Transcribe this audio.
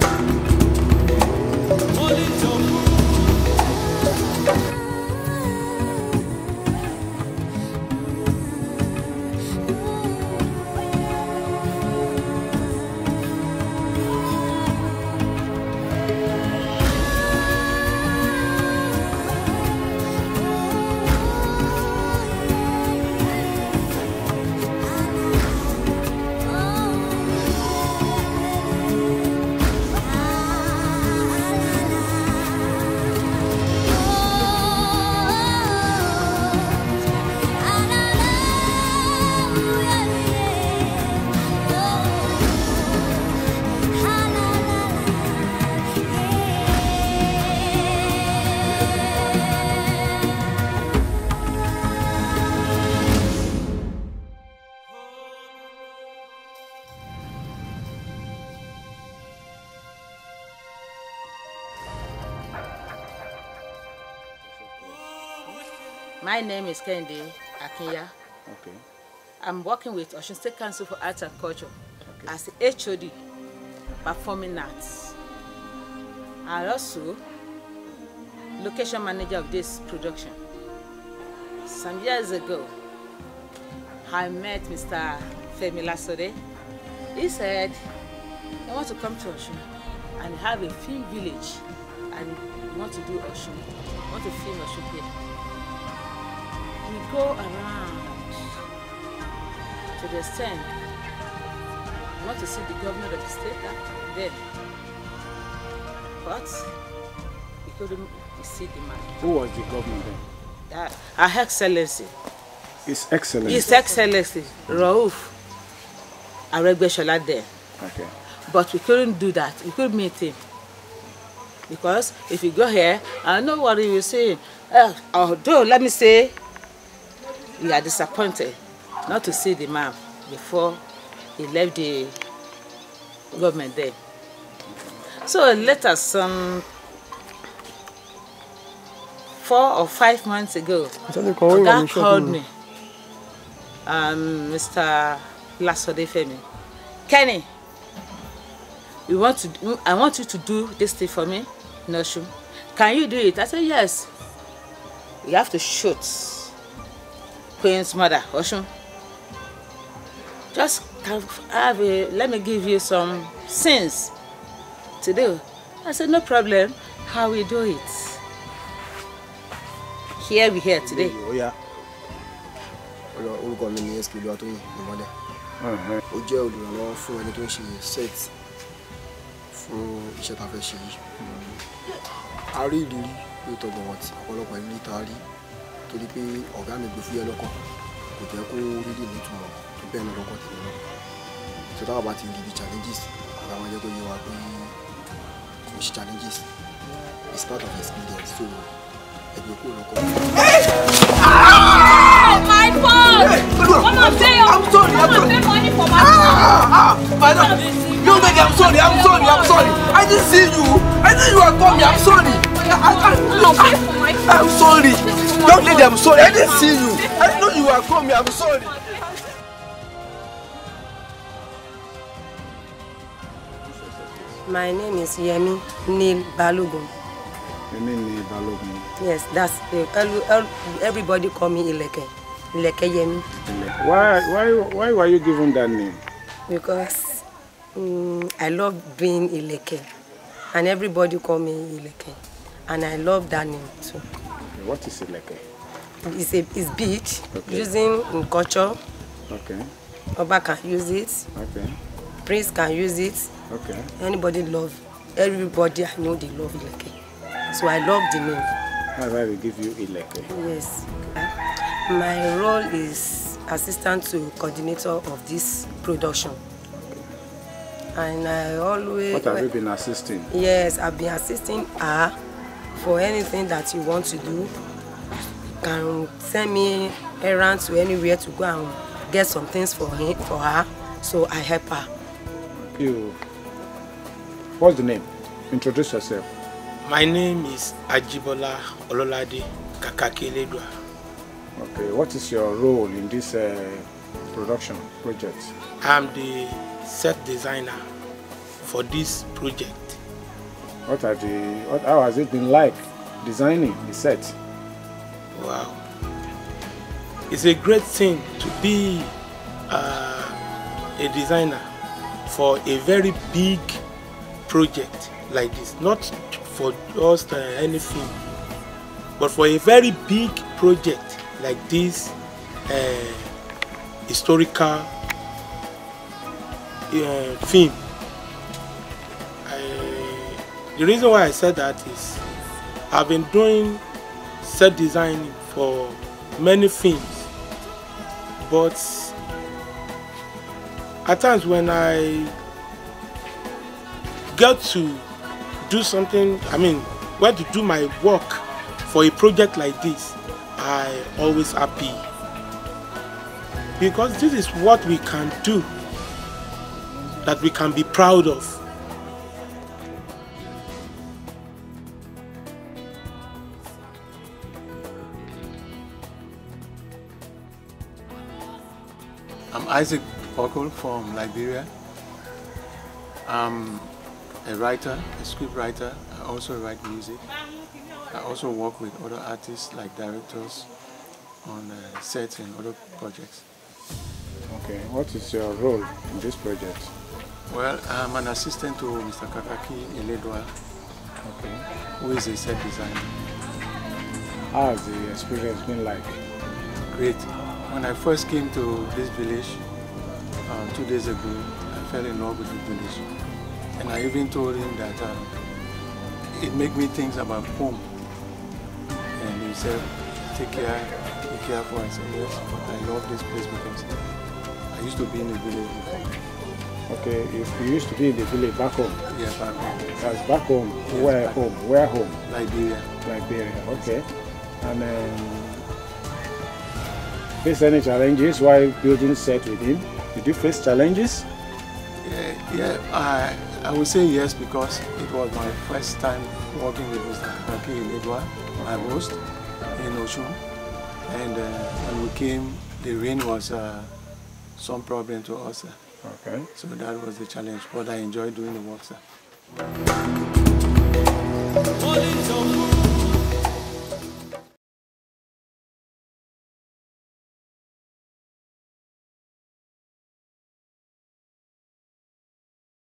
Thank you. My name is Kendi Akinya. Okay. I'm working with Ocean State Council for Arts and Culture okay. as HOD Performing Arts. I'm also location manager of this production. Some years ago, I met Mr. Femi Lasode. He said he wants to come to Ocean and have a film village and want to do Osun, want to film Ocean here we go around to the extent we want to see the governor of the state that then. But we couldn't see the man. Who was the governor then? Uh, Excellency. His Excellency. His Excellency, Rauf Aregbesola there. Okay. But we couldn't do that. We couldn't meet him. Because if you go here, I know what he will say. Uh, although, let me say, we are disappointed not to see the man before he left the government there. So later, some um, four or five months ago, Oga called me, um, Mr. Lasodefemi, Kenny, we want to, I want you to do this thing for me, Noshum. Can you do it? I said, yes. We have to shoot Queen's mother, Oshun. Just have a, let me give you some sins to do. I said, no problem, how we do it. Here we here today. Oh, yeah. orúkọ mi ni sp olúwatóyìn ìmọ́lẹ̀ uh-huh. ó jẹ́ olùrànlọ́wọ́ fún ẹni tó ń ṣe set fún iṣẹ́ tá a fẹ́ ṣe yìí hmm. a rí ìrírí yóò tọgbọ̀n wọ̀tí ọ̀pọ̀lọpọ̀ ìrírí tá a rí torí pé ọ̀gá mi gbé fúyẹ́ lọ́kàn kò jẹ́ kó rídì nítumọ̀ tó bẹ́ẹ̀ ní lọ́kàn tèmi náà so táwọn bá ti rí ibi challenges ọ̀gá wọn jẹ́ kó yé wa pé kò sí challenges it's part of experience so ẹgbẹ́ kúrò lọ́kàn. Ah! my phone ọmọ bẹ́ẹ̀ ọmọ bẹ́ẹ̀ money for my phone. No, baby, I'm sorry, I'm sorry, I'm sorry. I didn't see you. I didn't you are coming. I'm sorry. I, I, I, no, I'm sorry don't leave them. I'm sorry. I didn't see you. I didn't know you were coming. I'm sorry. My name is Yemi Neil Balogun. Yemi Neil Balogun. Yes, that's uh, everybody call me Ileke. Ileke Yemi. Why, why, why were you given that name? Because um, I love being Ileke, and everybody call me Ileke, and I love that name too. What is Ileke? It's, a, it's big, okay. using in culture. Okay. Oba can use it. Okay. Prince can use it. Okay. Anybody love, everybody I know they love Ileke. So I love the name. That's why we give you Ileke. Yes. Ah. My role is assistant to coordinator of this production. and I always. What have you been assisting? Yes, I've been assisting her for anything that you want to do. You can send me around to anywhere to go and get some things for him, for her. So I help her. You. What's the name? Introduce yourself. My name is Ajibola Ololade Kakakeledwa. Okay, what is your role in this uh, production project? I'm the set designer for this project. What are the what how has it been like designing the set? Wow. It's a great thing to be uh, a designer for a very big project like this. Not for just uh, any film, but for a very big project like this uh, historical uh, film The reason why I said that is I've been doing set design for many films, but at times when I get to do something, I mean, when to do my work for a project like this, I always happy because this is what we can do that we can be proud of. I'm Isaac Okol from Liberia. I'm a writer, a script writer. I also write music. I also work with other artists like directors on uh, sets and other projects. Okay, what is your role in this project? Well, I'm an assistant to Mr. Kakaki Eledwa, okay. who is a set designer. How has the experience been like? Great. When I first came to this village uh, two days ago, I fell in love with the village. And I even told him that uh, it made me think about home. And he said, take care, be careful. I said, yes, but I love this place because I used to be in the village before. Okay, if you used to be in the village back home. Yeah, back home. That's back home. Yes, where back home? Where home? Liberia. Liberia. Okay. And um, face any challenges while building set with him? Did you face challenges? Yeah, yeah I, I would say yes because it was my first time working with Mr. Haki Ilegwa, my host in Oshun. And uh, when we came, the rain was uh, some problem to us. Okay. So that was the challenge, but I enjoyed doing the work, sir.